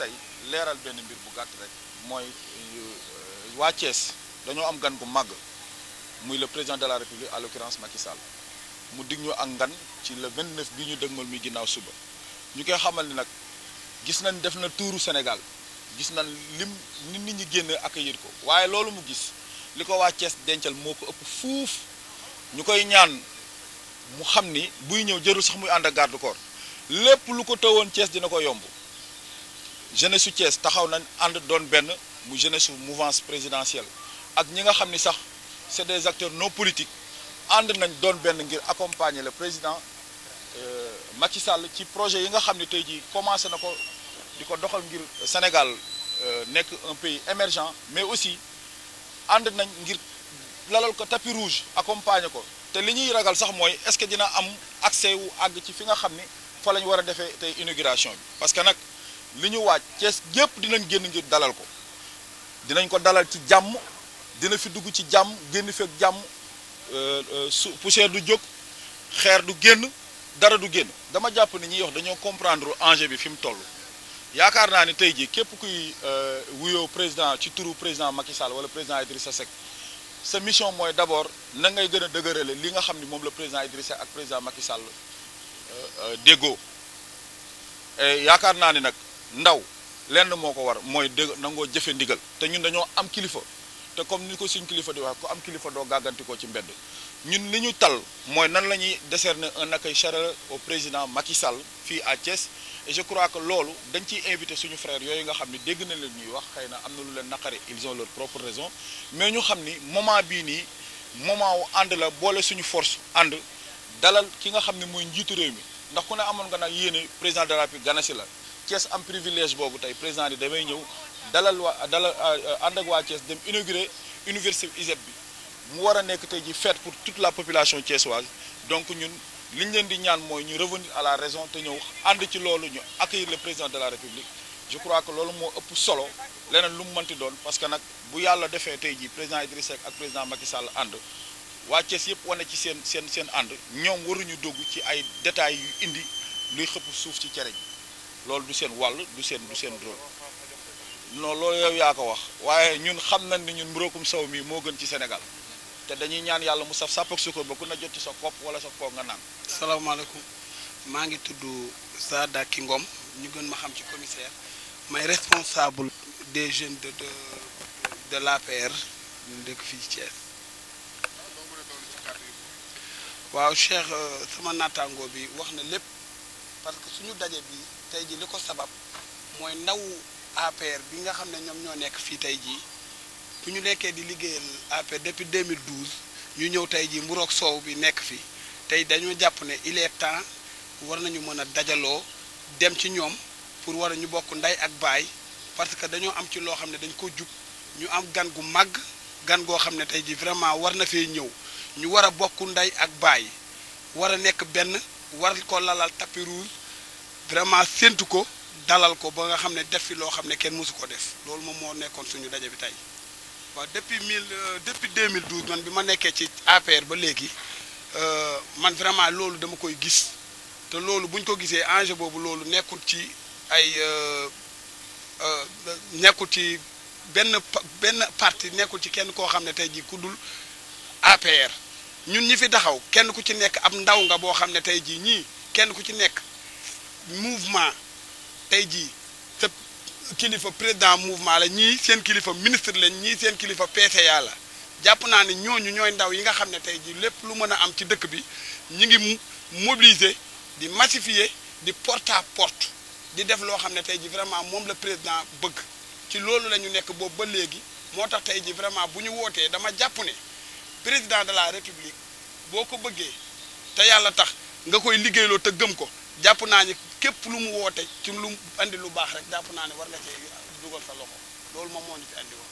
tey leeral benn mbir bu gàtt rek mooy euh, waa Thiès dañoo am gan bu màgg muy le président de la république à l'occurrence Macky mu dig ñu ak ngan ci le 29 bi ñu dëgmal muy ginnaaw suba ñu koy xamal ni nag gis na nañ def na tuuru Sénégal gis na lim nit nit ñi génn accueillir ko waaye loolu mu gis li ko waa Thiès dencal moo ko ëpp fuuf ñu koy ñaan mu xam ni buy ñëw jërul sax muy ànd ak garde lépp lu ko tëwoon cees dina ko yomb jeunesse su Thiès taxaw nañ and doon Ben mu jeunesse mouvance présidentielle ak ñi nga sax c'est des acteurs non politiques and nañ doon Ben ngir accompagner le président euh, Macky Sall ci projet yi nga xamni tay ji jii commencé na doxal ngir Sénégal euh, nekk un pays émergent mais aussi and nañ ngir lalal ko tapis rouge accompagner ko te liñuy ragal sax moy est-ce que dina am accès wu ag ci fi nga xamni fa lañ wara défé tay inauguration parce que nak li ñu waaj Cees gépp dinañ génn ngir dalal ko dinañ ko dalal ci jàmm dina fi dugg ci jàmm génn fekk jàmm euh, euh, su poussière du jóg xeer du génn dara du génn dama jàpp ni ñuy wax dañoo comprendre enjeu bi fi mu toll yaakaar naa ni tey jii képp kuy euh, wuyoo président ci turu président Macky Sall wala président Idrissa Seck sa mission mooy d'abord na ngay gën a dëgërale li nga xam ni moom la président Idrissa Seck ak président Macky Sall déggoo yaakaar naa ni nag ndaw lenn moo ko war mooy dégg nangoo jëfe ndigal te ñun dañoo am kilifa te comme ni ko suñ kilifa di wax ko am kilifa doo gàggantikoo ci mbedd ñun li ñu tal mooy nan la ñuy décerner un accueil chaleureux au président Macky Sall fii à et je crois que loolu dañ ciy invité suñu frère yooyu nga xam ni dégg na leen ñuy wax xëy na am na lu leen naqari ils ont leur propre raison mais ñu xam ni moment bii nii moment wu ànd la boole suñu force ànd dalal ki nga xam ne mooy njiitu réew mi ndax ku ne amoon nga nag yéene président de la République ganasi la Thiès am privilège bobu tay président di damay ñew dalal wa dalal euh, ànd ak waa dem inaugurer université ISEP bi mu wara a nekk tey ji fête pour toute la population thiessoise donc ñun liñ leen di ñaan moy ñu revenir à la raison te ñew and ci lolu ñu accueillir le président de la république je crois que lolu mo ëpp solo leneen lu mu mënti doon parce que nak bu yalla défé tay ji président Idrissa Seck ak président Macky Sall ànd waa Thiès yëpp wane ci sen sen seen ànd ñoom waruñu dogu ci ay détails yu indi luy xëpp suuf ci cere lol du sen wal du sen du sen drôle non lo yow ya ko wax waye ñun xam nañ ni ñun mbrokum saw mi mo gën ci Sénégal te dañuy ñaan yalla mu saf sàpp suko ba ku na jot ci sa kop wala sa ko nga naan. alaykum ma ngi tuddu sada kingom ñu gën ma xam ci commissaire may responsable des jeunes de de de l'APR ñu dëkk fii ci waaw Cheikh euh, sama natango bi wax na lepp parce que suñu dajé bi tey ji li ko sabab mooy ndawu APR bi nga xam ne ñoom ñoo nekk fii tey jii ku ñu nekkee di liggéeyal APR depuis 2012 ñu ñëw tey jii mburoog soow bi nekk fi tey dañoo jàpp ne il est temps war nañu mën a dajaloo dem ci ñoom pour war a ñu bokk nday ak baay parce que dañoo am ci loo xam ne dañ ko jub ñu am gan gu màgg gan goo xam ne tey jii vraiment war na fee ñëw ñu war a bokk ndey ak baay war a nekk benn war ko lalal tapis rouge vraiment séntu ko dalal ko ba nga xam ne def fi loo xam ne kenn mësu ko def loolu moom moo nekkoon suñu daje bi tey waaw depuis mille euh, depuis 2012 man bi ma nekkee ci APR ba léegi euh, man vraiment loolu dama koy gis te loolu bu ñu ko gisee enjeu boobu loolu nekkul ci ay euh, nekkul ci benn benn parti nekkul ci kenn koo xam ne tey jii ku dul APR ñun ñi fi taxaw kenn ku ci nekk ab ndaw nga boo xam ne tey jii ñii kenn ku ci nekk mouvement tey jii sa kilifa président mouvement la ñii seen kilifa ministre lañ ñii seen kilifa peese yàlla jàpp naa ni ñooñu ñooy ndaw yi nga xam ne tey jii lépp lu mën a am ci dëkk bi ñu ngi mobiliser di massifier di porte porte di def loo xam ne tey jii vraiment moom la président bëgg ci loolu la ñu nekk boobu ba léegi moo tax tey jii vraiment bu ñu wootee dama jàpp ne président de la république boo ko bëggee te yàlla tax nga koy liggéeyloo te gëm ko jàpp naa ni képp lu mu woote ci lu andi lu baax rek jàpp naa ne war nga cee dugal sa loxo loolu moom moo ñu fi andi woon